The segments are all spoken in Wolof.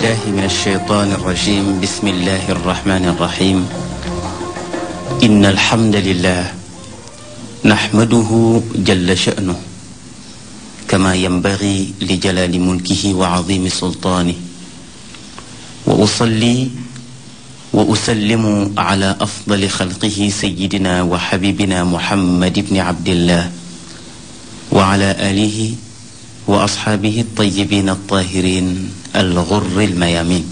بالله من الشيطان الرجيم بسم الله الرحمن الرحيم إن الحمد لله نحمده جل شأنه كما ينبغي لجلال ملكه وعظيم سلطانه وأصلي وأسلم على أفضل خلقه سيدنا وحبيبنا محمد بن عبد الله وعلى آله وأصحابه الطيبين الطاهرين الغر الميامين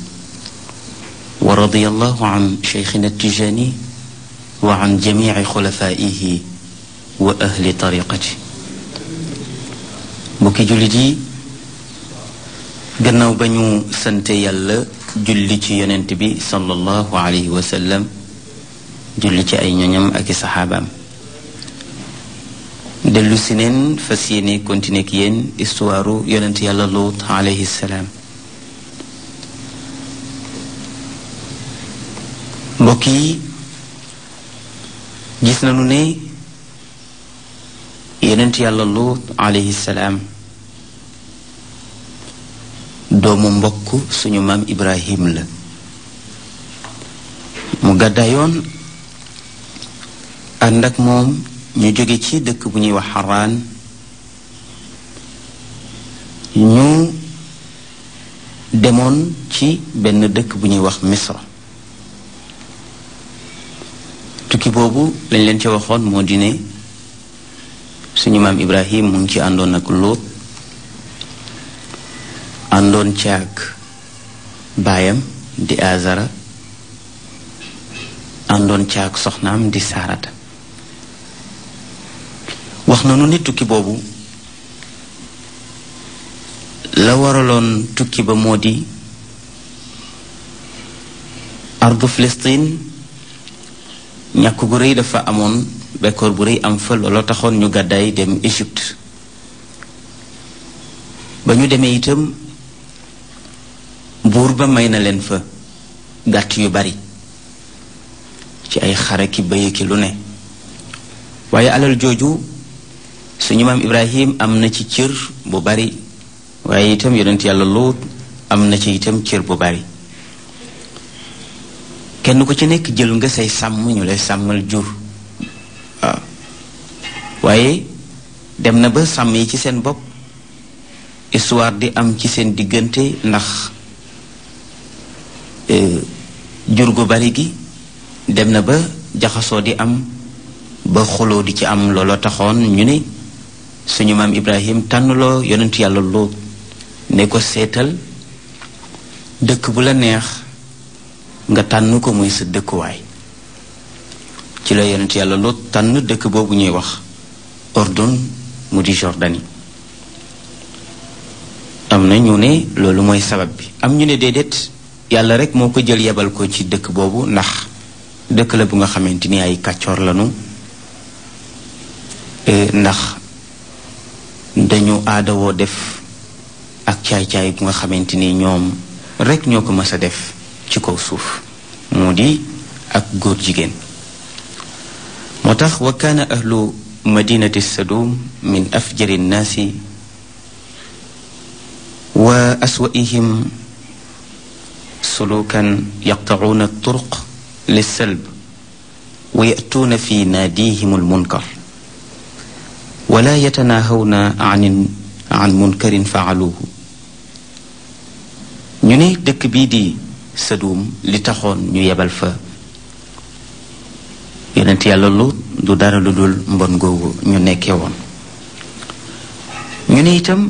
ورضي الله عن شيخنا التجاني وعن جميع خلفائه wa ahli tariqati mbokki jullit yi gannaaw bañu ñu sante yàlla julli ci yonent bi sallallahu alayhi ci ay ñoñam ak i saxaabaam dellu si neen fas yéene continuer ak yéen yàlla luut bokk yi gis nañu ne yonent yàlla luut alayhi doomu mbokk suñu maam ibrahim la mu gàddaayoon ànd ak moom ñu jóge ci dëkk bu ñuy wax xaraan ñu demoon ci benn dëkk bu ñuy wax misra boobu lañ leen ca waxoon moo di ne suñu maam Ibrahim mu ngi ci àndoon ak Lóot àndoon ci ak baayam di Azara àndoon ci ak soxnaam di Saarata wax na nu ne tukki boobu la waraloon tukki ba moo di ardu Filistin ñàkk gu rëy dafa amoon bekkoor bu rëy am fa looloo taxoon ñu gàddaay dem Égypte ba ñu demee itam buur ba may na leen fa gàtt yu bari ci ay xare ki bëy ki lu ne waaye alal jooju suñu maam Ibrahim am na ci cër bu bari waaye itam yonent yàlla Luut am na ci itam cër bu bari kenn ku ci nekk jël nga say sàmm ñu lay sàmmal jur waaw waaye dem na ba sàmm yi ci seen bopp histoire di am ci seen diggante ndax e, jur gu bari gi dem na ba jaxasoo di am ba xuloo di ci am looloo taxoon ñu ni suñu maam Ibrahim tànnloo yonent yàlla Luut ne ko seetal dëkk bu la neex nga tànn ko muy sa dëkkuwaay ci la yonent yàlla Lóot tànn dëkk boobu ñuy wax ordon mu di Jordanie am na ñu ne loolu mooy sabab bi am ñu ne déedéet yàlla rek moo ko jël yebal ko ci dëkk boobu ndax dëkk la bu nga xamante ni ay kàccoor lanu e, ndax dañu aada woo def ak caay-caay bu nga xamante ni ñoom rek ñoo ko mës a def ci kaw suuf mu di ak góor jigéen moo tax wa kaana ahlu madinati sadum min afjari nnaasi wa aswaihim sulukan yaqtacuuna turuq lissalb wa yatuuna fi naadihim almunkar wala yatanaahawna an an munkarin faaluuhu ñu ne dëkk bii di Sadum li taxoon ñu yebal fa yonent yàlla lu du dara lu dul mbon googu ñu nekkee woon ñu ne itam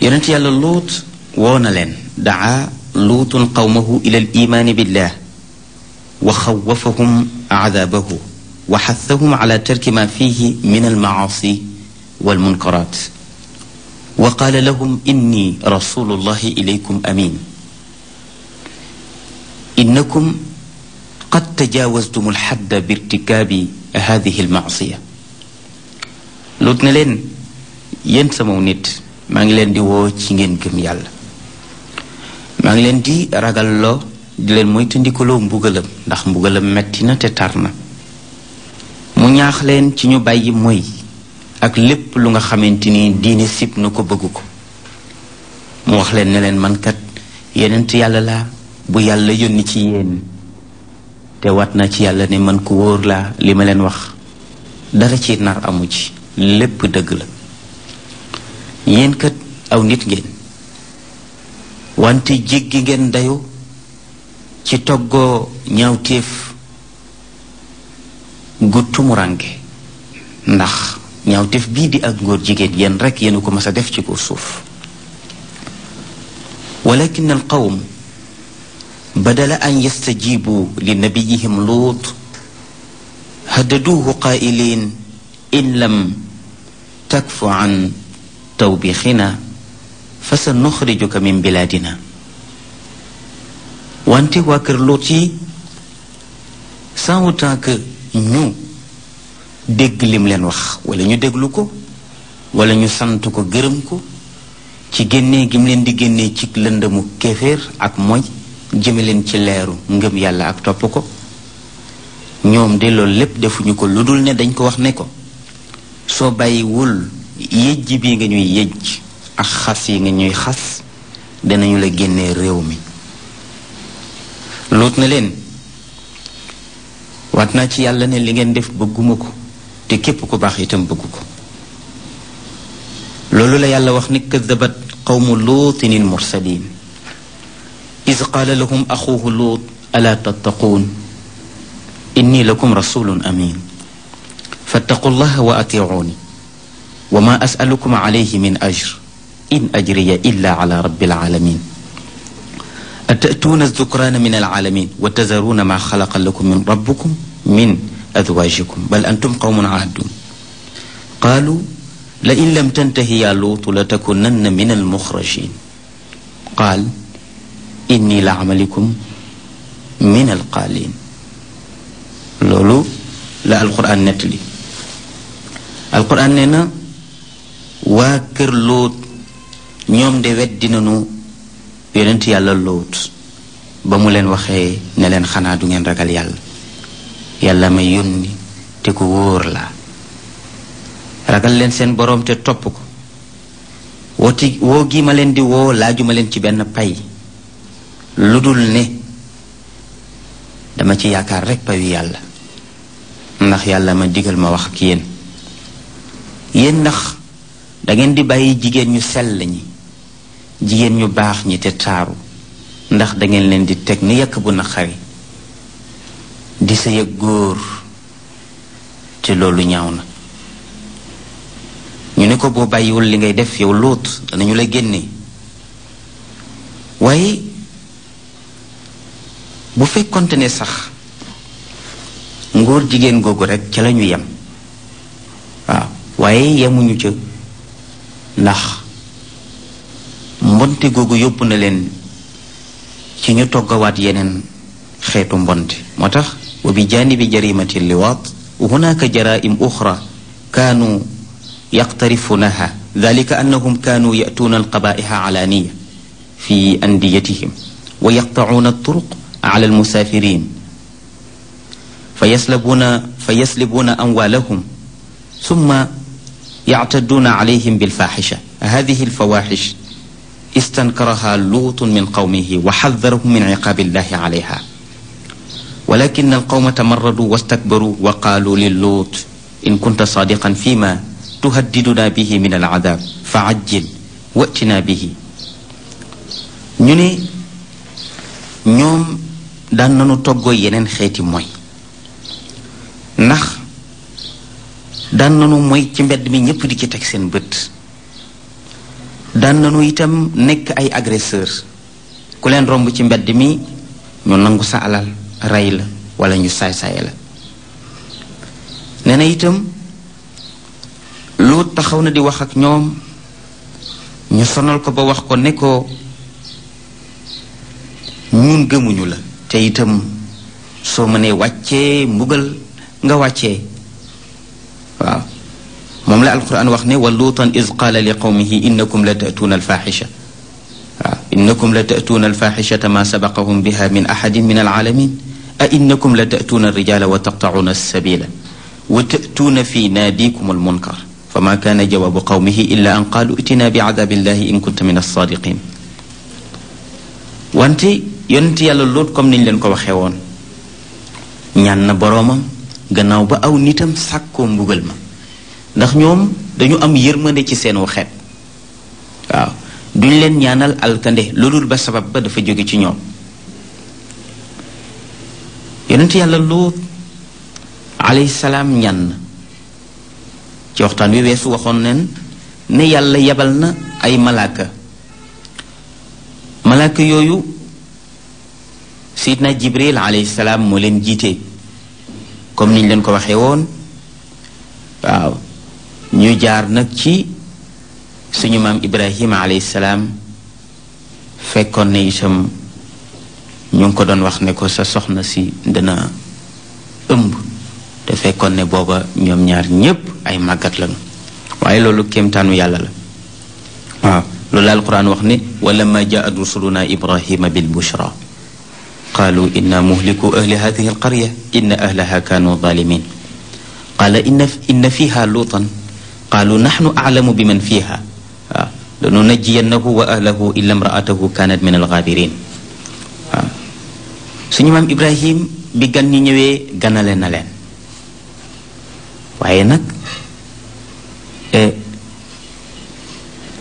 yonent yàlla luut woo na leen daa luutun qawmahu ila al imaani billah wa xawafahum aadabahu wa xathahum ala tarki ma fihi min almaasi walmunkaraat wa qaala lahum inni rasulullahi ilaykum amin innakum qad tajaawaztum alxadda bi irtikaabi hadihi almaasiya lut ne leen yéen sama nit maa ngi leen di woo ci ngeen gëm yàlla maa ngi leen di ragalloo di leen moytandikuloo mbugalam ndax mbugalam metti na te tar na mu ñaax leen ci ñu bàyyi moy ak lépp lu nga xamante ni diine sib na ko bëgg ko mu wax leen ne leen mankat kat yenent yàlla laa bu yàlla yónni ci yéen te wat na ci yàlla ne man ku wóor laa li ma leen wax dara ci nar amu ci lépp dëgg la yéen kat aw nit ngeen wante jéggi ngeen dayo ci toggoo ñaawteef gu tumurange ndax ñaawteef bii di ak ngóor jigéen yéen rekk yéen ko mas a def ci ko suuf walakin al qawm badala an yastajibu li nabiyihim luut haddaduuhu qaa'iliin in lam takfu an tawbixina fa sa nuxrijuka min dina wante waa kër luut yi sans autant ñu dégg lim leen wax wala ñu déglu ko wala ñu sant ko gërëm ko ci génnee gim leen di génnee ci lëndamu kéeféer ak mooy jëme leen ci leeru ngëm yàlla ak topp ko ñoom de loolu lépp defuñu ko lu dul ne dañ ko wax ne ko soo bàyyiwul yëjj bi nga ñuy yëjj ak xas yi nga ñuy xas danañu la génnee réew mi luut na leen waat naa ci yàlla ne li ngeen def bëgguma ko te képp ko baax itam bëggu ko loolu la yàlla wax ni këddabat qawmu luutinin mursalin is qaala lahum axuuhu luut alaa tattaquun inni lakum rasulun amin fattaqu llaha wa atiicuuni wa ma asalukum alayhi min ajr in ajriya illa ala rabbil alamin atatuuna azzukraana min alalamin wa tazaruuna ma xalaqa lakum min rabbikum min azwaajikum bal antum qawmun aadun qaalu la in lam tantahi yaa luutu la takunanna min almuxrajin qaal inni la amalikum min alqaalin loolu la alquran nettali alquran nee na waa kër lóot ñoom de wet dina nu yonent yàlla lóot ba mu leen waxee ne leen xanaa du ngeen ragal yàlla yàlla may yónni te ku wóor la ragal leen seen boroom te topp ko wooti woo gii ma leen di woo laaju leen ci benn pay lu dul ne dama ci yaakaar rek payu yàlla ndax yàlla ma diggal ma wax ak yéen yéen ndax da ngeen di bàyyi jigéen ñu sell ñi jigéen ñu baax ñi te taaru ndax dangeen leen di teg ni yàkk bu naqari di sa yëg góor te loolu ñaaw na ñu ne ko boo bàyyiwul li ngay def yow lóot danañu la génnee waaye bu fekkonte ne sax ngóor jigéen googu rekk ca la ñu yem waaw waaye yemuñu ca ndax mbonte googu yóbbu na leen ci ñu toggawaat yeneen xeetu mbonte moo tax wa bi jaanibi jarimati liwaat hunaka jaraim uxra kaanu yaqtarifunaha dalika annahum kaanu yatuuna alqabaiha alaaniya fi andiyatihim wa yaqtauuna alturuq ala almusaafirin fa yaslabuuna fa yaslibuuna amwaalahum summa yactaduuna alayhim bilfaaxisha hadihi alfawaaxish istankaraha luutun min qawmihi wa xadarahum min ciqaabillahi alayha walakin alqawma tamarraduu wastakbaruu wa qaaluu liluut in kunta saadiqan fi ma tuhaddidunaa bihi min alcadaab fa ajjil watinaa bihi ñu ne ñoom daan nanu toggoo yeneen xeeti mooy ndax daan nanu moy ci mbedd mi ñépp di ci teg seen bët daan nanu itam nekk ay agresseur ku leen romb ci mbedd mi ñu nangu sa alal rey la wala ñu saay-saay la nee na itam lu taxaw na di wax ak ñoom ñu sonal ko ba wax ko ne ko ñun gëmuñu la te itam soo mënee wàccee mbugal nga wàccee waaw moom la alquran wax ne wa luutan iz qaala li qawmihi innakum la ta'tuuna alfaaxisha waaw innakum la ta'tuuna alfaaxishata ma sabaqahum biha min axadin min alaalamin a innakum la ta'tuuna alrijaala wa taqta'uuna alsabila wa ta'tuuna fi naadikum almunkar fama kaana jawaabu qawmihi illa an qaalu itina bi cadaabillahi in kunta min alsaadiqin wante yonent yàlla loot comme niñ leen ko waxee woon ñaan na boroomam gannaaw ba aw nitam sàkkoo mbugal ma ndax ñoom dañu am yërmande ci seen waxeet waaw duñ leen ñaanal alkande loolul ba sabab ba dafa jóge ci ñoom yonent yàlla loot alayhi salaam ñaan na ci waxtaan wi weesu waxoon nen ne yàlla yebal na ay malaaka malaaka yooyu siit sidna jibril alayhi salaam moo leen jiite comme niñ leen ko waxee woon waaw ñu jaar nag ci suñu maam ibrahima alayhi salaam fekkoon ne itam ñu ngi ko doon wax ne ko sa soxna si dana ëmb te fekkoon ne booba ñoom ñaar ñépp ay màggat lañu waaye loolu kéemtaanu yàlla la waaw loolu alquran wax ne wala ma jaat rusuluna ibrahima bil bushra qaalu inna muhliku ahli hadihi alqarya inna ahlaha kaanu zalimin qaala inna fiha luutan qaalu naxnu aclamu bi man fiha waaw lanu najiyannahu wa ahlahu illa imraatahu kaanat min alxaabirin waaw suñu maam Ibrahim bi gan ñi ñëwee ganale na leen waaye nag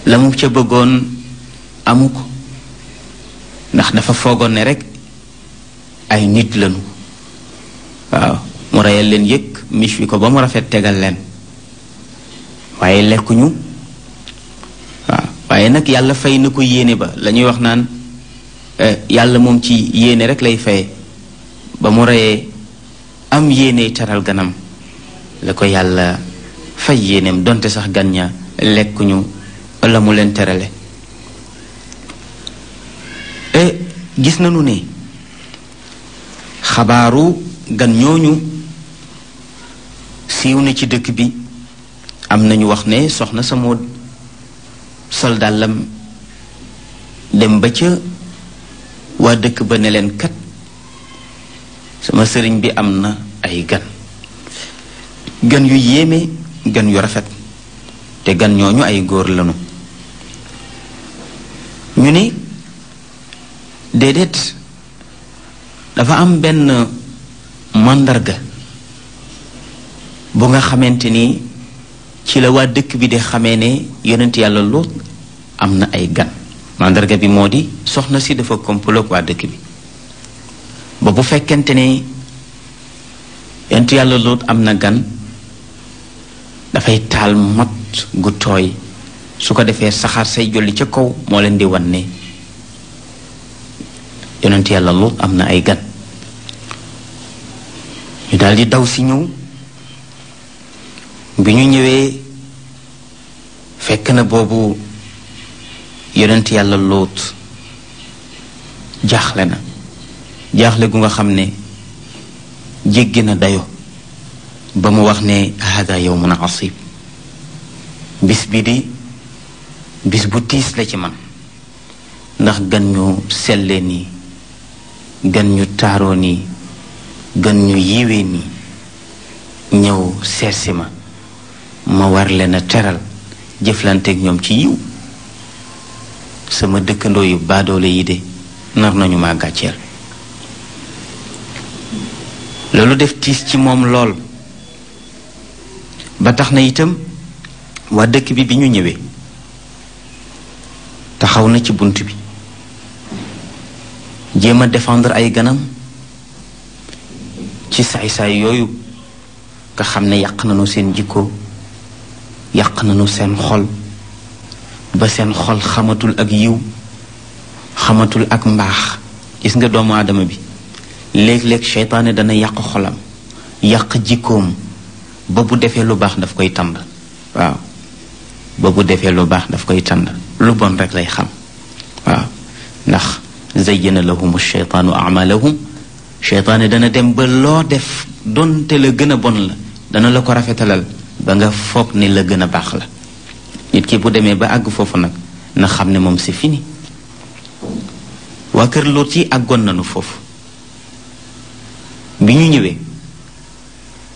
la mu ca bëggoon amu ko ndax dafa foogoon ne rek ay nit lañu waaw mu reyal leen yëg mich wi ko ba mu rafet tegal leen waaye lekkuñu waaw waaye nag yàlla fay na ko yéene ba lañuy wax naan eh, yàlla moom ci yéene rek lay faye ba mu reyee am yéene teral ganam la ko yàlla fay yéeneem donte sax gan ña lekkuñu la mu leen terale eh, gis nanu ne xabaaru gan ñooñu siiw na ci dëkk bi am na ñu wax ne soxna sama moo dem ba ca waa dëkk ba ne leen kat sama sëriñ bi am na ay gan gan yu yéeme gan yu rafet te gan ñooñu ay góor lanu ñu ni déedéet dafa am benn màndarga bu nga xamante ni ci la waa dëkk bi de xamee ne yonent yàlla Luut am na ay gan màndarga bi moo di soxna si dafa komploog waa dëkk bi ba bu fekkente ne yonent yàlla Luut am na gan dafay taal mat gu tooy su ko defee saxaar say jolli ca kaw moo leen di wan ne yonent am na ay gan ñu daal di daw si ñëw bi ñu ñëwee fekk na boobu yonent yàlla lóot jaaxle na jaaxle gu nga xam ne jéggi na dayo ba mu wax ne hada yawmun asib bis bi di bis bu tiis la ci man ndax gan ñu selle nii gan ñu taaroo nii gën ñu yiwee ni ñëw seetsi ma ma war leen a teral jëflanteeg ñoom ci yiw sama dëkkandoo yu baadoole yi de nar nañu ma gàcceel loolu def tiis ci moom lool ba tax na itam waa dëkk bi bi ñu ñëwee taxaw na ci bunt bi jéem a défendre ay ganam ci saay-saay yooyu nga xam ne yàq nañu seen jikko yàq nañu seen xol ba seen xol xamatul ak yiw xamatul ak mbaax gis nga doomu aadama bi léeg-léeg seytaane dana yàq xolam yàq jikkoom ba bu defee lu baax daf koy tànd waaw ba bu defee lu baax daf koy tànd lu bon rek lay xam waaw ndax zayyana lahum sheytaanu amalahum seytaane dana dem ba loo def donte la gën a bon la dana la ko rafetalal ba nga foog ni la gën a baax la nit ki bu demee ba àgg foofu nag na xam ne moom c'est fini waa kër Luut yi àggoon nañu foofu bi ñu ñëwee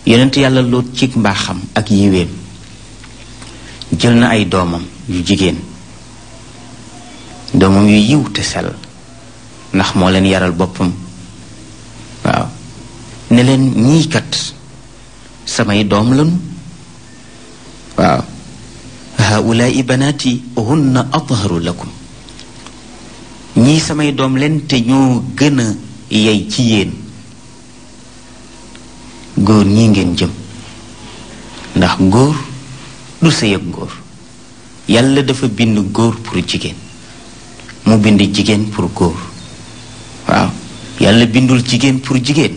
yonent yàlla Luut ci mbaaxam ak yiwéem jël na ay doomam yu jigéen doomam yu yiw te sell ndax moo leen yaral boppam ne leen ñii kat samay doom lanu waaw haulaai banaati hunna atharu lakum ñii samay doom leen te ñoo gën a yey ci yéen góor ñi ngeen jëm ndax góor du sëy ak góor yàlla dafa bind góor pour jigéen mu bind jigéen pour góor waaw yàlla bindul jigéen pour jigéen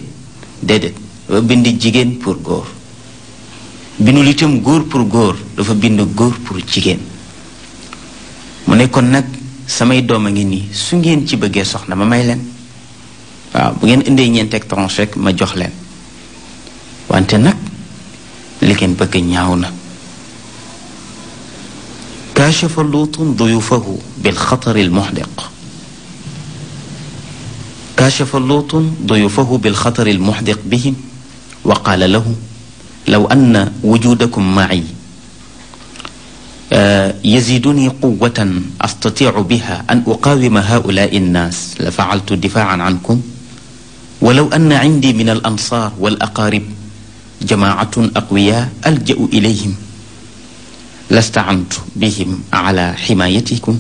déedéet dafa bind jigéen pour góor bindul itam góor pour góor dafa bind góor pour jigéen mu ne kon nag samay doom a ngi nii su ngeen ci bëggee soxna ma may leen waaw bu ngeen indee ñeenteeg tranche rek ma jox leen wante nag li ngeen bëgg ñaaw na kaashafa luutun duyufahu bil xatari al kaashafa luutun duyufahu bilxatari almuxdiq bihim wa qaala lahu law anna wujudakum maci yaziduni quwatan astaticu biha an uqaawima haulaai annaas la facaltu difaacan cankum walaw anna cindi min alansaar walaqaarib jamaacatun aqwiyaa alja'u ilayhim lastacantu bihim calaa ximaayatikum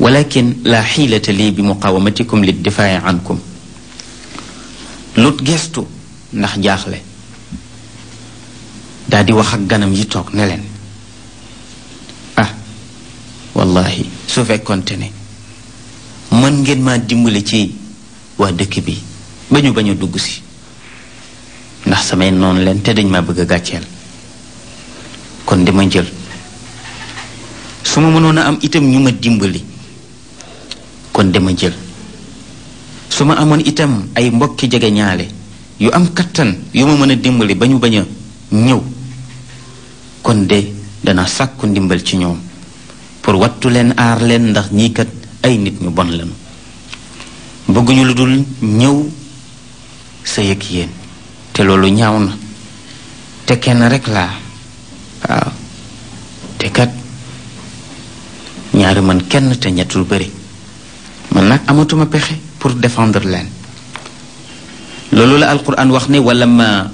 walakin laa xiilate lii bi muqawamatikum li difaa'i ankum lut gestu ndax jaaxle daal di wax ak ganam yi toog ne leen ah wallahi su fekkonte ne mën ngeen ma dimbali ci waa dëkk bi ba ñu bañ a dugg si ndax samay noonu leen te dañ ma bëgg a gàcceel kon dama jël su ma mënoon a am itam ñu ma dimbali kon jël su ma amoon itam ay mbokki jege ñaale yu am kattan yu ma mën a dimbali ba ñu bañ a ñëw kon de dana sàkku ndimbal ci ñoom pour wattu leen aar leen ndax ñii kat ay nit ñu bon lañu bëgguñu lu dul ñëw sa yëg yéen te loolu ñaaw na te kenn rek laa waaw te kat ñaari man kenn te ñett lu bari man nag amatuma pexe pour défendre leen loolu la alquran wax ne wala ma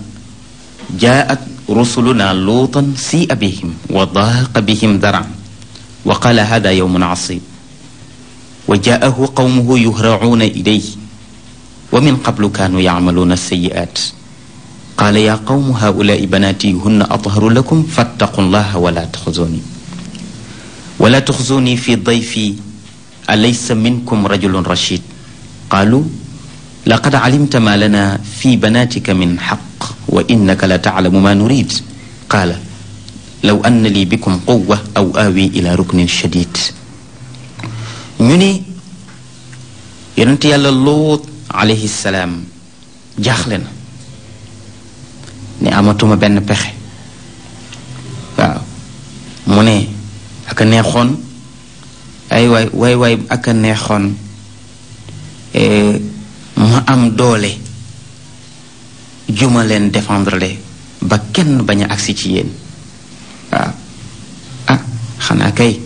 jaat rusuluna luutan si abihim wa daaqa bihim daran wa qaala hada yawmun asib wa jaahu qawmuhu yuhracuuna ilayhi wa min qablu kaanu yacmaluuna sayi'aat qaala yaa qawmu haulaai banaati hunna atharu lakum fattaqu llaha wala taxzuni wala taxzuni fi dayfi alaysa minkum rajulun rashid qaalu laqad calimta maa lana fi banaatika min xaq wa innaka la taclamu maa nurid qaala law anna lii bikum quwa aw aawi ila ruknin shadid ñu ni yonent yàlla luut alayhi salaam jaaxle na ne amatuma benn pexe waaw mu ne ak neexoon ay waay waay waay ak a neexoon eh, ma am doole juma leen défendre le ba kenn bañ a agsi ci yéen waaw ah xanaa kay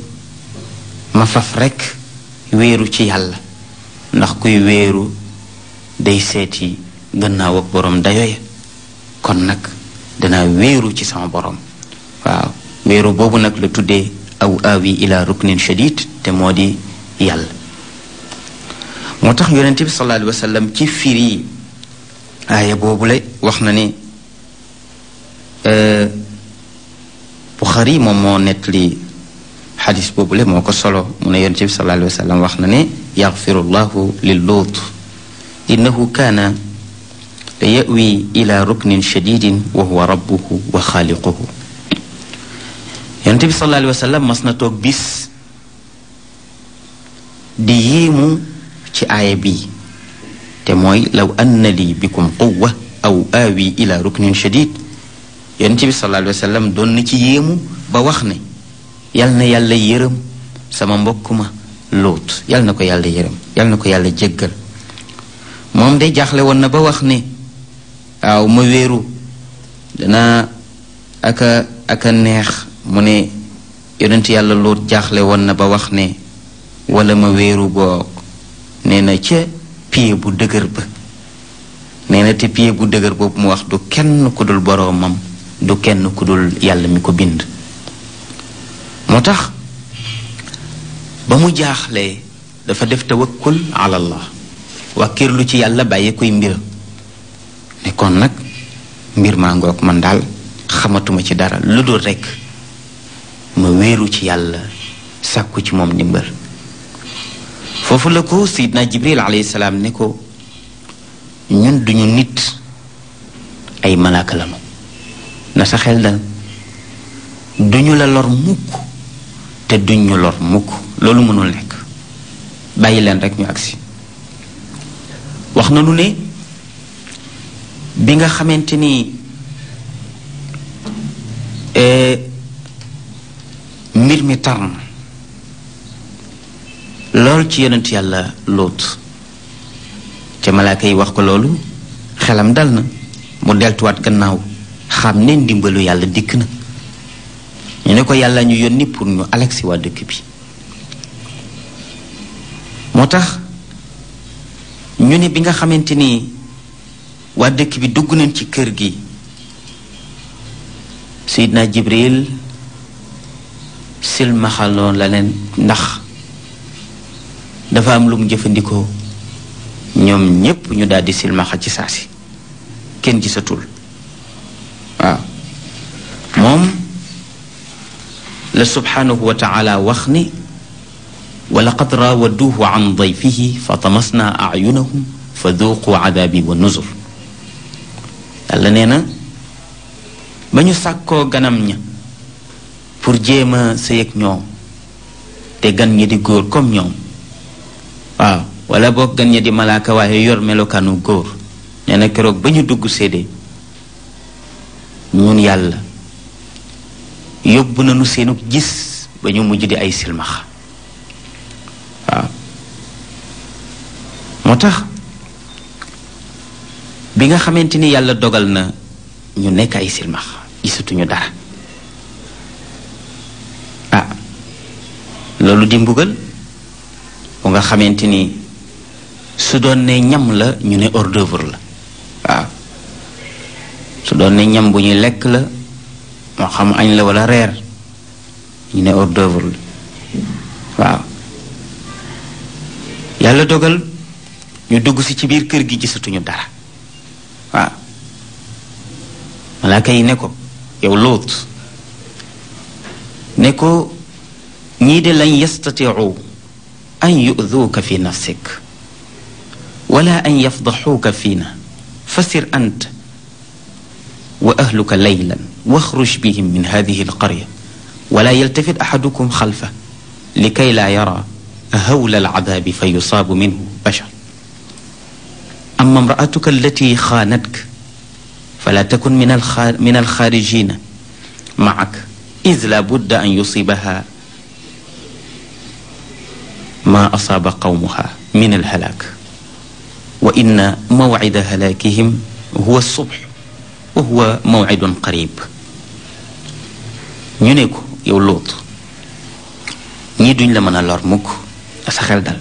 ma faf rekk weeru ci yàlla ndax kuy wéeru day seeti gannaaw boroom dayo kon nag dana wéeru ci sama boroom waaw wéeru boobu nag la tuddee aw awi ila ruknin shadid te moo di moo tax yonente bi sallallahu alayhi wa sallam ci firi aaya boobu la wax na ni euh, Buxari moom moo nettali xadis boobu le moo ko solo mu ne yonente bi sallallahu alayhi sallam wax na ne yaxfiru llahu lil luut innahu kaana la yawi ila ruknin shadidin wa huwa rabbuhu di yéemu ci aaya bi te mooy law anna li bikum quwwa aw aawi ila ruknin shadid yonent bi sallallahu alayhi wa sallam doon na ci yéemu ba wax ne yal na yàlla yërëm sama mbokk ma lóot yal na ko yàlla yërëm yal na ko yàlla jéggal moom day jaaxle woon na ba wax ne waaw ma wéeru danaa aka aka neex mu ne yonent yàlla lóot jaaxle woon na ba wax ne wala ma wéeru boog nee na ca pied bu dëgër ba nee na te pied bu dëgër boobu mu wax du kenn ku dul boroomam du kenn ku dul yàlla mi ko bind moo tax ba mu jaaxle dafa def tawakkul ala kër lu ci yàlla bàyyi koy mbir ne kon nag mbir maa ngoog man daal xamatuma ci dara lu dul rekk ma wéeru ci yàlla sàkku ci moom ndimbal foofu la ko sayidna jibril alayhi salaam ne ko ñun duñu nit ay malaaka lanu na sa xel dal duñu la lor mukk te duñu lor mukk loolu mënul nekk bàyyi leen rekk ñu agsi wax nanu ne bi nga xamante ni eh, mbir mi tar na loolu ci yonent yàlla lóot ci malaaka yi wax ko loolu xelam dal na mu deltuwaat gannaaw xam ne ndimbalu yàlla dikk na ñu ne ko yàlla ñu yónni pour ñu alexi waa dëkk bi moo tax ñu ne bi nga xamante ni waa dëkk bi dugg nañ ci kër gi Seydina Jibril silmaxaloon la leen ndax dafa am lu mu jëfandikoo ñoom ñépp ñu daldi silmaxa ci saasi kenn gisatul waaw moom la subhanahu wa taala wax ni wa laqad raawaduuhu an dayfihi fa tamasna ayunahum wa nuzur yàlla nee na ba ñu sàkkoo ganam ña pour jéem a sëy ñoom te gan ñi di góor comme ñoom waaw wala boo gën ña di malaaka waaye yor melokaanu góor nee na keroog ba ñu dugg séede ñun yàlla yóbbu nañu seenu gis ba ñu mujj di ay silmaxa waaw moo tax bi nga xamante ni yàlla dogal na ñu nekk ay silmaxa gisatuñu dara ah loolu di mbugal bu nga xamante ni su doon ne ñam la ñu ne hors la waaw su doon ne ñam bu ñuy lekk la moo xam añ la walla reer ñu ne hors la waaw yàlla dogal ñu dugg si ci biir kër gi gisatuñu dara waaw malaaka yi ne ko yow lóot ne ko ñii de lañ yastatiru an yu'duuka fi nafsik wala an yafdaxuuka fiina fasir ant wa ahluka laylan waxruj bihim min hadihi alqarya wala yaltafit axadukum xalfa likay laa yara hawla alcadaabi fa yusaabu minhu bashar amma imraatuka allati xaanatka fala takun min alxaarijina macak id la budda an yusibaha maa asaaba qawmuha min al halaak wa inna mawcida halaakihim huwa subx wa huwa mawcidun qarib ñu ne ko yow Luut ñii duñ la mën a lor mukk sa xel dal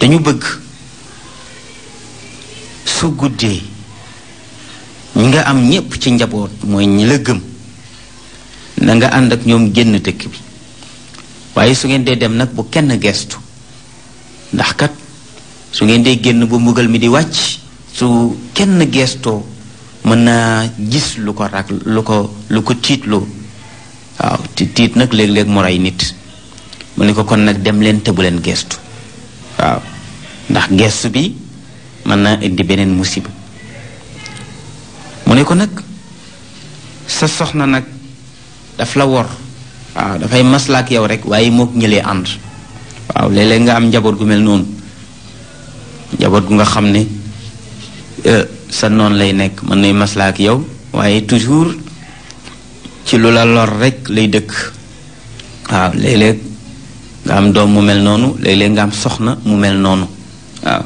dañu bëgg su guddee ñi nga am ñépp ci njaboot mooy ñi la gëm na nga ànd ak ñoom génn dëkk bi waaye su ngeen dee dem nag bu kenn gestu ndax kat su ngeen dee génn bu mbugal mi di wàcc su kenn gestoo mën naa gis lu ko rak lu ko lu ko tiitloo waaw tiit nag léeg-léeg mu rey nit mu ne ko kon nag dem leen te bu leen gestu waaw ndax gestu bi mën naa indi beneen musiba mu ne ko nag sa soxna nag daf la wor waaw ah, dafay maslaak yow rek waaye mook ñëlee ànd waaw léeg nga am njaboot gu mel noonu njaboot gu nga xam ne euh, sa noon lay nekk mën nay maslaak yow waaye toujours ci lu la lor rekk lay dëkk waaw léeg-léeg nga am doom mu mel noonu léeg-léeg nga am soxna mu mel noonu waaw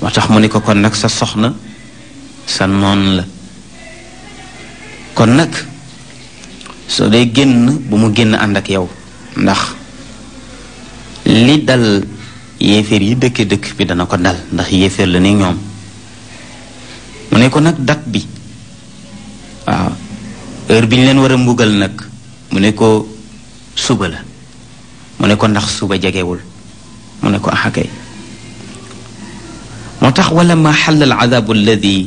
moo tax mu ni ko kon nag sa soxna sa noon la kon nag soo dee génn bu mu génn ànd ak yow ndax li dal yéeféer yi dëkke dëkk bi dana ko dal ndax yéeféer la ne ñoom mu ne ko nag dat bi waaw heure leen war a mbugal nag mu ne ko suba la mu ne ko ndax suba jegewul mu ne ko axakay moo tax walla ma xal al adabu alladi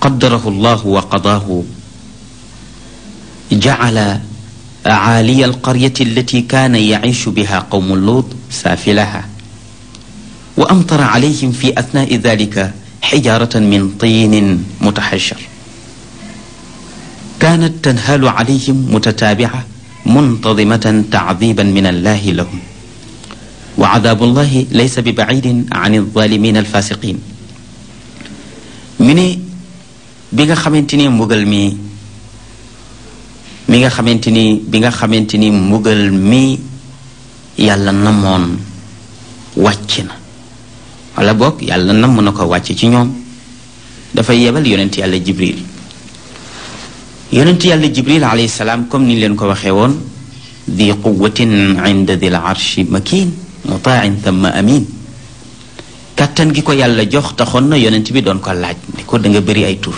qaddarahu allahu wa qadaahu jacala caaliya alqaryati allati kaana yaciishu biha qawmu luut saafilaha wa amtara calayhim fi atnaai dalika xijaaratan min tiinin mutaxashar kaanat tanhaalu calayhim mutataabica muntadimatan tacdiiban min allahi lahum wa cadaabu llahi laysa bi bacidin an alzaalimiin alfaasiqiin mi ne bi nga xamante ne mbugal mi mi nga xamante ni bi nga xamante ni mbugal mi yàlla namoon wàcc na walla boog yàlla namm na ko wàcc ci ñoom dafay yebal yonent yàlla jibril yonent yàlla jibril alayhi salaam comme ni leen ko waxee woon di quwatin inda dil arshi makin mutain thamma amin kàttan gi ko yàlla jox taxoon na yonent bi doon ko laaj ne ko da nga bëri ay tur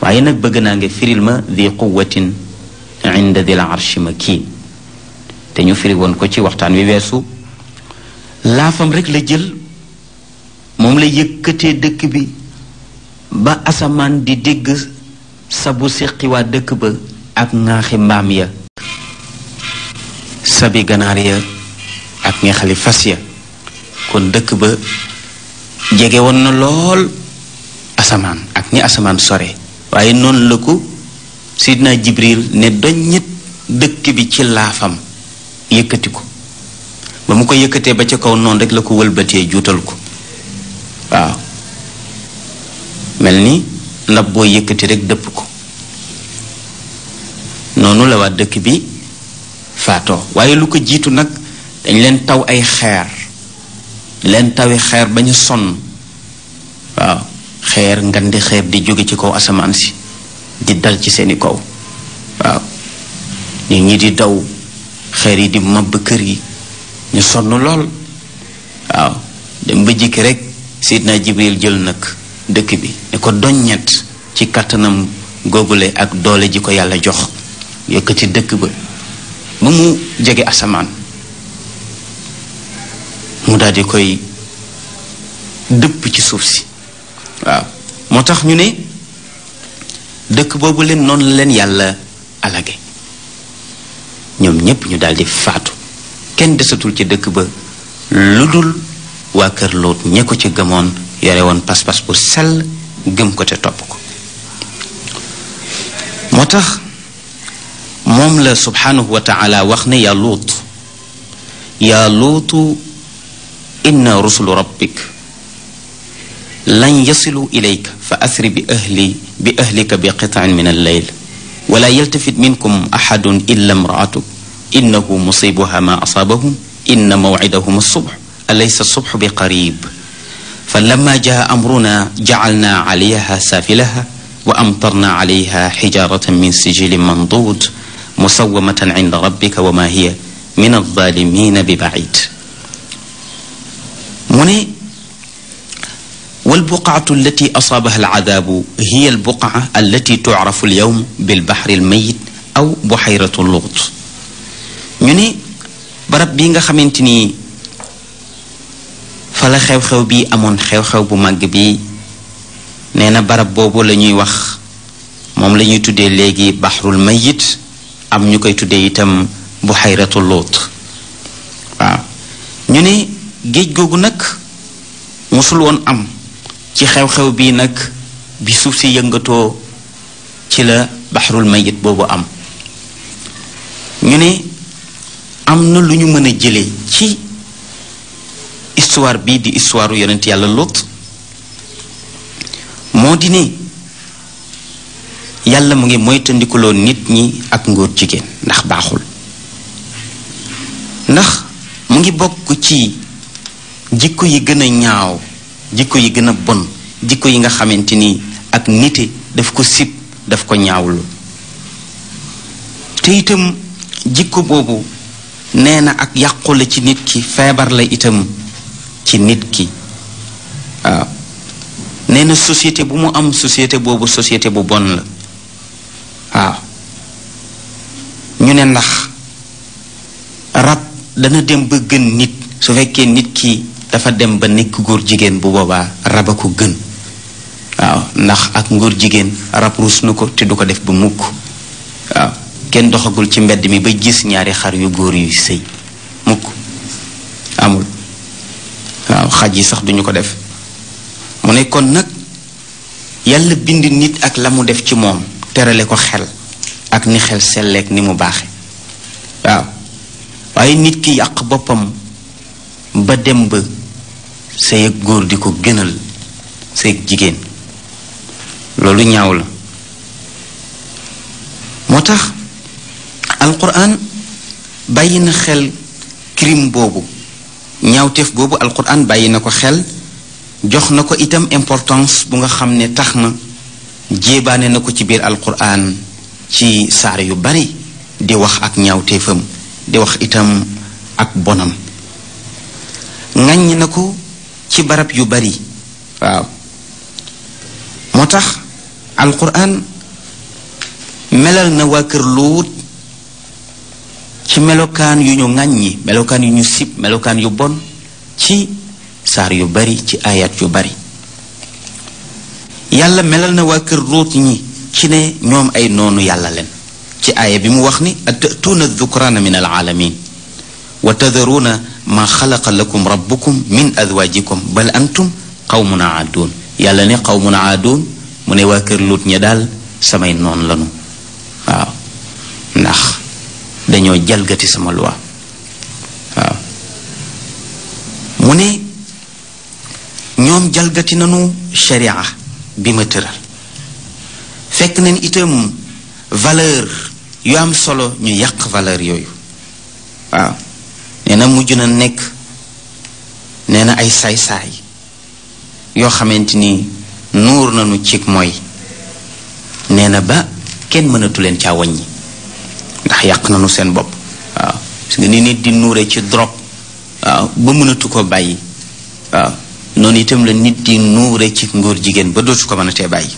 waaye nag bëgg naa nga firil ma di quwatin inda dil arshi makiin te ñu firi woon ko ci waxtaan wi weesu laafam rek la jël moom la yëkkatee dëkk bi ba asamaan di dégg sabu siqi waa dëkk ba ak ŋaaxi mbaam ya sabi ganaar ya ak ŋeexali fas ya kon dëkk ba jege woon na lool asamaan ak ni asamaan sore waaye noonu la ko Seydina Jibril ne doññit dëkk bi ci laafam yëkkati ko ba mu ko yëkkatee ba ca kaw noonu rek la ko wëlbatee juutal ko waaw mel ni ndab boo yëkkati rek dëpp ko noonu la waa dëkk bi faatoo waaye lu ko jiitu nag dañ leen taw ay xeer leen tawi xeer ba ñu sonn waaw xeer ngandi xeeb di jóge ci kaw asamaan si di dal ci seeni kaw waaw nit ñi di daw xeer yi di màbb kër yi ñu sonn lool waaw dem ba jikki rek Seydina Jibril jël nag dëkk bi ne ko doññet ci kàttanam googule ak doole ji ko yàlla jox yëkkati dëkk ba ba mu jege asamaan mu daldi koy dëpp ci suuf si waaw moo tax ñu ne dëkk boobu leen noonu leen yàlla alage ñoom ñépp ñu daldi faatu kenn desatul ci dëkk ba lu dul waa kër Lóot ñe ko ci gëmoon yore woon pas-pas bu sell gëm ko te topp ko moo tax moom la subhanahu wa taala wax ne yaa luut yaa luutu inna rusulu rabbik lan yasilu ilayka fa asri bi ahli bi ahlika bi qitaan min alleyl wala yaltafit minkum axadun illa imraatuk innahu musibuha ma asaabahum inna mawcidahum alsubx alaysa alsubx bi qarib fa lama jaa amruna jacalna calayha saafilaha wa amtarna calayha xijaaratan min sijilin mandud musawamatan cinda rabbika wa ma hiya min alzaalimina bi bacid mu ne albuqaatu allati asaabaha alcadaabu hiya albuqaa allati tucrafu alyawm bilbaxri almayit aw buxayratu ñu ne barab bi nga xamante ni fa la bi amoon xew-xew bu màgg bi nee na barab boobu la ñuy wax moom la ñuy tuddee léegi baxrul mayit am ñu koy tuddee itam buxayratu luut waaw ñu ne géej googu nag musul woon am ci xew-xew bii nag bi suuf si yëngatoo ci la baxrul mayit boobu am ñu ne am na lu ñu mën a jële ci histoire bii di histoire yonent yàlla Lut moo di ne yàlla mu ngi moytandikuloo nit ñi ak ngóor jigéen ndax baaxul ndax mu ngi bokk ci jikko yi gën a ñaaw jikko yi gën a bon jikko yi nga xamante ni ak nite daf ko sib daf ko ñaawlu te itam jikko boobu nee na ak yàqu ci nit ki feebar la itam ci nit ki waaw nee na société bu mu am société boobu société bu bon la waaw ñu ne ndax rab dana dem ba gën nit su fekkee nit ki dafa dem ba nekk góor jigéen bu boobaa rab a ko gën waaw ndax ak ngóor jigéen rab ruus na ko te du ko def ba mukk waaw kenn doxagul ci mbedd mi ba gis ñaari xar yu góor yu sëy mukk amul waaw xaj yi sax duñu ko def mu ne kon nag yàlla bind nit ak la mu def ci moom terale ko xel ak ni xel selleek ni mu baaxe waaw waaye nit ki yàq boppam ba dem ba say ak góor di ko gënal say ak jigéen loolu ñaaw la moo tax alquran bàyyi na xel crime boobu ñaawteef boobu alquran bàyyi na ko xel jox na ko itam importance bu nga xam ne tax na jéebaane na ko ci biir alquran ci saar yu bari di wax ak ñaawteefam di wax itam ak bonam ŋàññ na ko ci barab yu bari waaw moo tax alquran melal na waa kër luut ci melokaan yu ñu ñi melokaan yu ñu sib melokaan yu bon ci saar yu bari ci ayat yu bari yàlla melal na waa kër luut ñi ci ne ñoom ay noonu yàlla leen ci aaya bi mu wax ni atatuuna dukraana min alaalamin wa tadaruuna maa xalaqa lakum rabbukum min azwajikum bal antum qawmun aaduun yàlla ne qawmun aaduun mu ne waa kër Luut ña daal samay noon lanu waaw ndax dañoo jalgati sama luwa waaw mu ne ñoom jalgati nanu sharia bi ma tëral fekk nañ itam valeur yu am solo ñu yàq valeur yooyu waaw nee na mujj na nekk nee na ay saay-saay yoo xamante ni nuur nañu cig mooy nee na ba kenn mënatu leen caa wàññi ndax yàq nañu seen bopp waaw parce que ni nit di nuure ci drogue ba mënatu ko bàyyi waaw noonu itam la nit di nuure ci ngóor jigéen ba dootu ko mën a tee bàyyi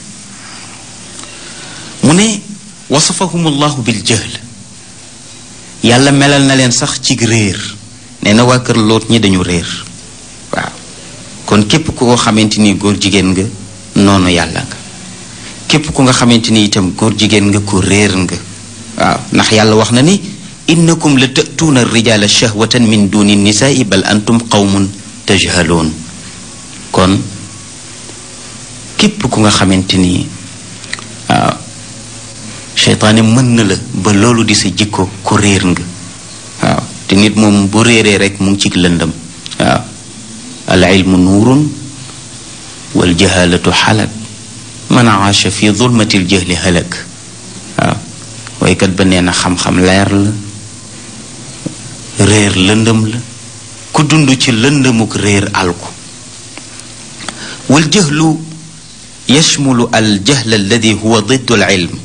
mu ne wasafahum allahu bil jahl yàlla melal na leen sax cig réer nee na waa kër loot ñi dañu réer waaw kon képp ku ko xamante ni góor jigéen nga noonu yàlla nga képp ku nga xamante ni itam góor jigéen nga ku réer nga waaw ndax yàlla wax na ni innakum la tatuuna rijaala shahwatan min duni nisaai bal antum xaw qawmun tajhaloon kon képp ku nga xamante ni waaw mën na la ba loolu di sa jikko ku réer nga waaw te nit moom bu réeree rek mu ngi ci lëndëm waaw al ilmu nuurun wal jahalatu xalak man aacha fi zulmatil jahli halak waaw waykat ba nee na xam-xam leer la réer la ku dund ci lëndëmuk réer alku wal jahlu yashmulu al jahl alladi huwa diddu al ilm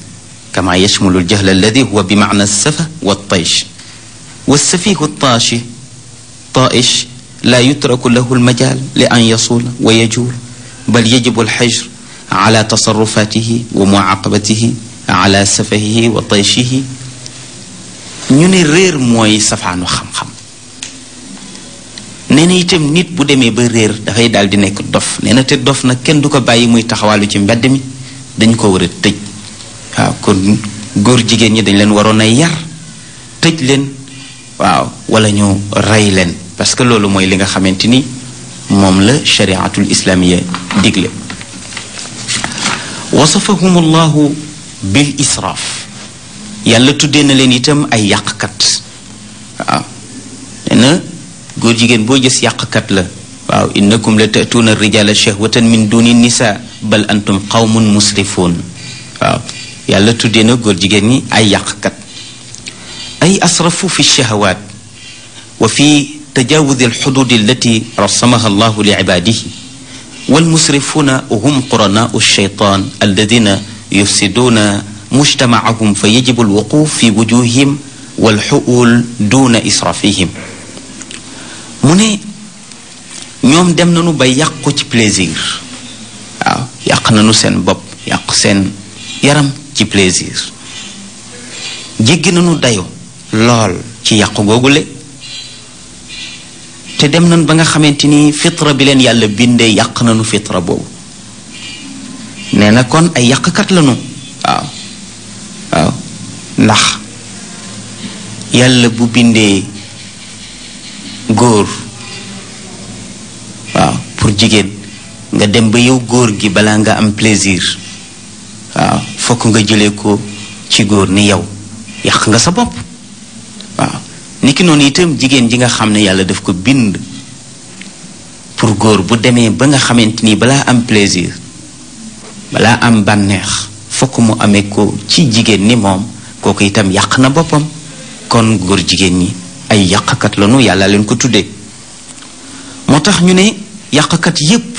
kama yashmulu al jahl alladi bi maana safa wa taysh والسفيه الطاشي طائش لا يترك له la لأن يصول ويجول بل يجب الحجر على تصرفاته ومعاقبته على سفهه وطيشه ñu ne réer mooy safaanu xam-xam nee na itam nit bu demee ba réer dafay daal di nekk dof nee te dof nag kenn du ko bàyyi muy taxawaalu ci mbedd mi dañ ko war a tëj waaw kon jigéen ñi dañ leen waroon a yar tëj leen waaw walla ñu rey leen parce que loolu mooy li nga xamante ni moom la chariatul islamiya digle wasafahum allahu bi israaf yàlla tuddee na leen itam ay yàqkat waaw nee na góor jigéen boo gis yàqkat la waaw innakum la tatuuna rijala shahwatan min duni nisa bal antum qawmun musrifuun waaw yàlla tuddee na góor jigéen ñi ay yàqkat ay asrafu fi shahawaat wa fi tajaawudi alxududi allati rasamaha allahu li cibaadihi walmusrifuuna hum quranaau alshaytaan alladina yufsiduuna mujtamacahum fa yajibu alwuquuf fi wujuhihim walxuul duuna israfihim mu ne ñoom dem nañu ba yàqu ci plaisir waaw yàq nañu seen bopp yàq seen yaram ci plaisir jéggi nañu dayo lool ci yàqu googule te dem nañ ba nga xamante ni fitra bi leen yàlla bindee yàq nanu fitra boobu nee na kon ay yàqkat lañu waaw waaw ndax yàlla bu bindee góor waaw pour jigéen nga dem ba yow góor gi balaa nga am plaisir waaw fokk nga jëlee ko ci góor ni yow yàq nga sa bopp niki noonu itam jigéen ji nga xam ne yàlla def ko bind pour góor bu demee ba nga xamante ni balaa am plaisir balaa am bànneex fokk mu amee ko ci jigéen ni moom kooku itam yàq na boppam kon góor jigéen ñi ay yàqkat lanu yàlla leen ko tuddee moo tax ñu ne yàqkat yépp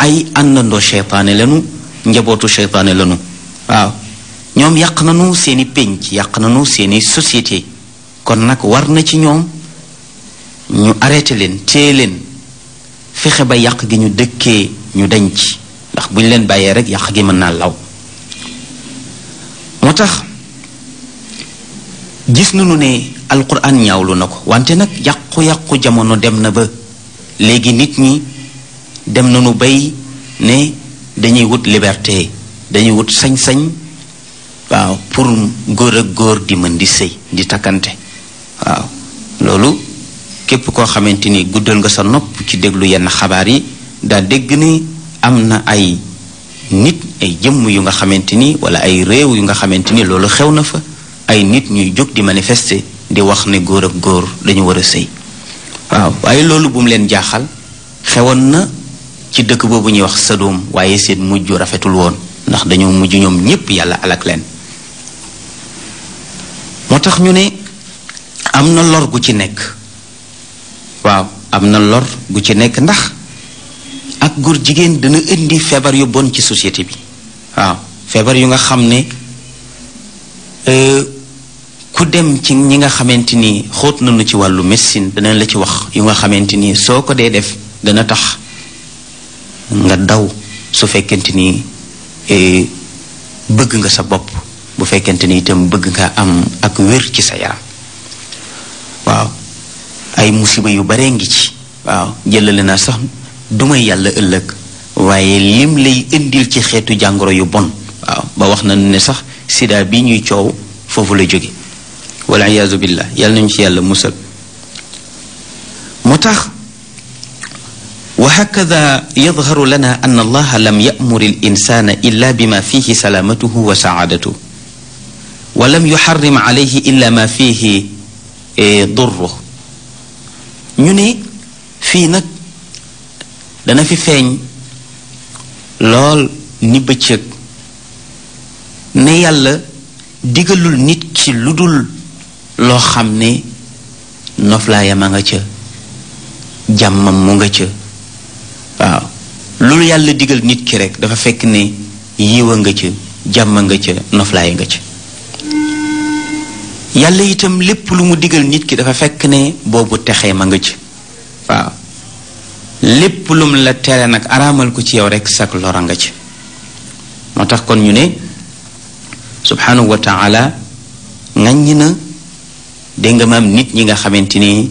ay àndandoo seytaane lañu njabootu seytaane lañu waaw ñoom yàq nañu seeni pénc yàq nañu seeni société kon nag war na ci ñoom ñu arrêté leen téye leen fexe ba yàq gi ñu dëkkee ñu dañ ci ndax bu ñu leen bàyyee rek yàq gi mën naa law moo tax gis nañu ne alquran ñaawlu na ko wante nag yàqu-yàqu jamono dem na ba léegi nit ñi dem na nañu bay ne dañuy wut liberté dañuy wut sañ-sañ waaw pour góor ak góor di mën di sëy di takkante waaw loolu képp koo xamante ni guddal nga sa nopp ci déglu yenn xabaar yi daa dégg ni am na ay nit ay jëmm yu nga xamante ni wala ay réew yu nga xamante ni loolu xew na fa ay nit ñuy jóg di manifester di wax ne góor ak góor dañu war a sëy waaw waaye loolu bu mu leen jaaxal xewoon na ci dëkk boobu ñuy wax sa doom waaye seen mujj rafetul woon ndax dañoo mujj ñoom ñépp yàlla alak leen moo tax ñu ne am na lor gu ci nekk waaw am na lor gu ci nekk ndax ak góor jigéen dana indi feebar yu bon ci société bi waaw feebar yu nga xam ne euh, ku dem ci ñi nga xamante ni xóot nañu ci wàllu messine danañ la ci wax yu nga xamante ni soo ko dee def dana tax nga daw su fekkente ni euh, bëgg nga sa bopp bu fekkente ni itam bëgg nga am ak wér ci sa yaram waaw ay musiba yu baree ngi ci waaw jëlale na sax dumay yàlla ëllëg waaye lim lay indil ci xeetu jàngoro yu bon ba wax na ne sax sida bi ñuy coow foofu la jóge walla iyaazu billah yal nañu ci yàlla musal moo tax wa hakada yadharu lana an allaha lam yamur al insana illa bima fihi salaamatuhu wa saadatuhu wa lam yuxarrim ma fihi durru ñu ni fii nag dana fi feeñ lool ni bëccëg ne yàlla digalul nit ci lu dul loo xam ne noflaayam a nga ca jàmmam mu nga ca waaw loolu yàlla digal nit ki rekk dafa fekk ne yiwa nga ca jàmma nga ca noflaay nga ca yàlla itam lépp lu mu digal nit ki dafa fekk ne boobu texee ma nga ci waaw lépp lum la tere nag araamal ko ci yow rek sak lora nga ci moo tax kon ñu ne subhanahu wa taala ñi na dégg nga maam nit ñi nga xamante ni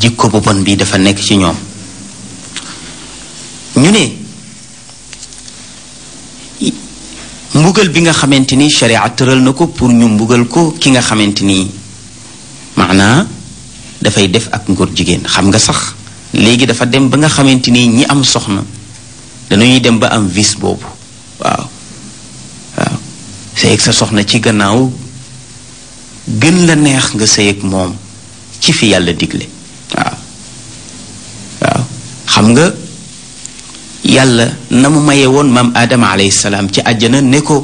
jikko bu bon bi dafa nekk ci ñoom ñu ne mbugal bi nga xamante ni sharia tëral na ko pour ñu mbugal ko ki nga xamante ni maanaa dafay def ak ngóor jigéen xam nga sax léegi dafa dem ba nga xamante ni ñi am soxna danañuy dem ba am vise boobu waaw waaw sëy ak sa soxna ci gannaaw gën la neex nga sëy ak moom ci fi yàlla digle waaw waaw xam nga yàlla na mu maye woon maam aadama alayhi salaam ci àjjana ne ko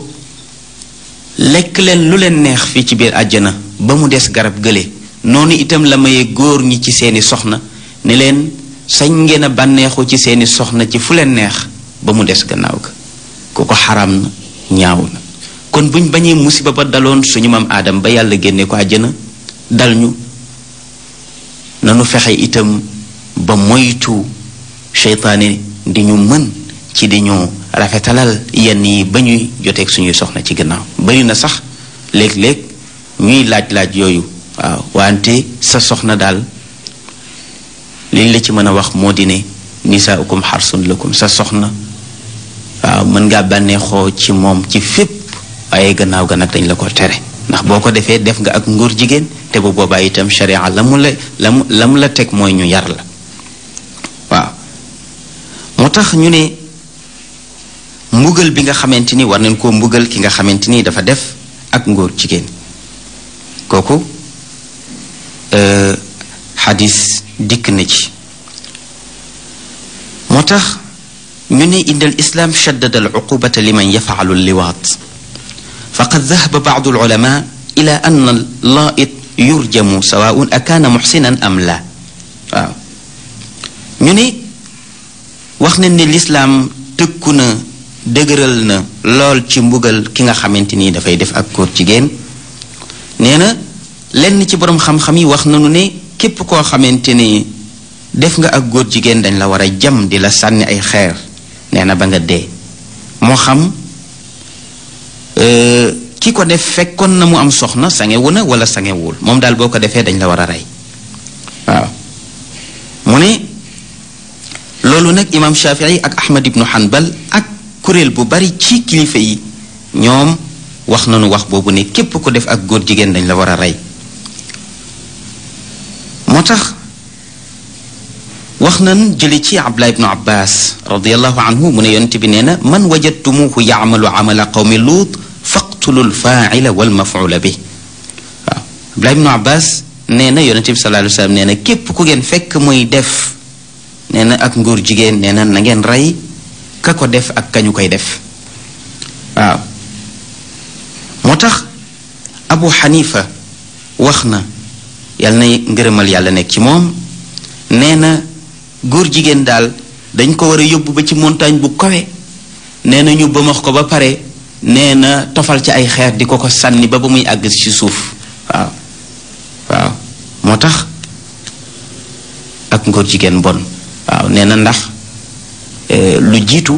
lekk leen lu leen neex fii ci biir àjjana ba mu des garab gële noonu itam la maye góor ñi ci seeni soxna ni leen sañ ngeen bànneexu ci seeni soxna ci fu leen neex ba mu des gannaaw ga ku ko xaram na ñaaw na kon buñ bañee musiba ba daloon suñu maam aadam ba yàlla génne ko àjjana dal ñu nanu fexe itam ba moytu seytaane di ñu mën ci di ñu rafetalal yenn yi ba ñuy joteeg suñuy soxna ci gannaaw bari na sax léeg-léeg ñuy laaj-laaj yooyu waaw wante sa soxna daal liñ la ci mën a wax moo di ne nisaaukum xarsun lakum sa soxna waaw mën ngaa bànneexoo ci moom ci fépp waaye gannaaw ga nag dañ la ko tere ndax boo ko defee def nga ak ngóor jigéen te bu boobaa itam sharia la mu la la mu la teg mooy ñu yar la moo tax ñu ne mbugal bi nga xamante ni war nañ koo mbugal ki nga xamante ni dafa def ak ngóor jigéen kooku euh, xadis dikk na ci moo tax ñu ne inda al islaam shaddada al uqubata liman yafaalu liwaat faqad dahaba baadu al ulama ila anna laait yurjamu sawaun akaana muxsinan am la waaw ñu ne wax nañ ne lislaam tëkku na dëgëral na lool ci mbugal ki nga xamante ni dafay def ak góor jigéen nee na lenn ci boroom xam-xam yi wax nañu ne képp koo xamante ni def nga ak góor jigéen dañ la war a jam di la sànni ay xeer nee na ba nga dee moo xam euh, ki ko def fekkoon na mu am soxna sangewu na wala sangewul moom daal boo ko defee dañ la war a rey waaw mu ne loolu nag imaam Shafii ak Ahmad ibnu Hanbal ak kuréel bu bari ci kilifa yi ñoom wax nanu wax boobu ne képp ko def ak góor jigéen dañ la war a rey moo tax wax nañ jële ci Abdullah ibnu Abbas radiallahu anhu mu ne yonent bi nee na man wajadtumuhu yaamalu amala qawmi luut faqtulu lfaaila bi waaw Abdullah ibnu Abbas nee na yonent bi sallallahu alayhi wa na képp ku ngeen fekk muy def nee na ak ngóor jigéen nee na na ngeen rey ka ko def ak kañu koy def waaw moo tax Abu Xanifa wax na yàlla na ngërëmal yàlla nekk ci moom nee na góor jigéen daal dañ ko war a yóbbu ba ci montagne bu kawe nee na ñu bëmax ko ba pare nee na tofal ci ay xeer di ko ko sànni ba ba muy àgg ci suuf waaw waaw moo tax ak ngóor jigéen bon waaw nee na ndax euh, lu jiitu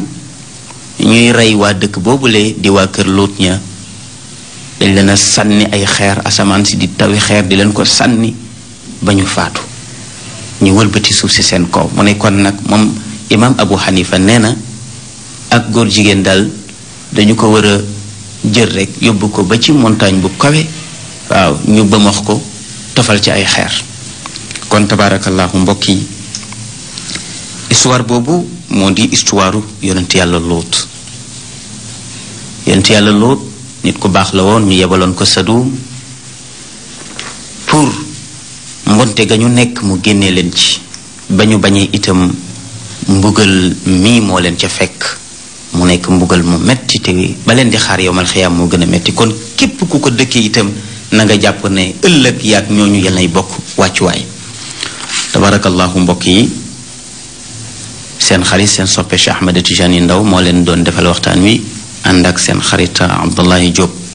ñuy rey waa dëkk boobule di waa kër Luut ña dañ leen a sànni ay xeer asamaan si di tawi xeer di leen ko sànni ba ñu faatu ñu wëlbati suuf si seen kaw mu ne kon nag moom imam Abu Hanifa nee na ak góor jigéen daal dañu ko war a jël rek yóbbu ko ba ci montagne bu kawe waaw ñu bëmax ko tofal ci ay xeer kon tabaarakallaahu mbokk yi histoire boobu moo di histoire yonent yàlla lóot yonent yàlla lóot nit ku baax la woon ñu yebaloon ko Sadum pour mbonte ga ñu nekk mu génnee leen ci ba ñu bañee itam mbugal mii moo leen ca fekk mu nekk mbugal mu metti te ba leen di xaar yowmal xiyaam moo gën a metti kon képp ku ko dëkkee itam nanga nga jàpp ne ëllëg yaag ñooñu yal nay bokk wàccuwaay tabarakallahu mbokk yi seen xarit seen soppe Cheikh Ahmed Tidiane Ndao moo leen doon defal waxtaan wi ànd ak seen xarit Abdoulaye Diop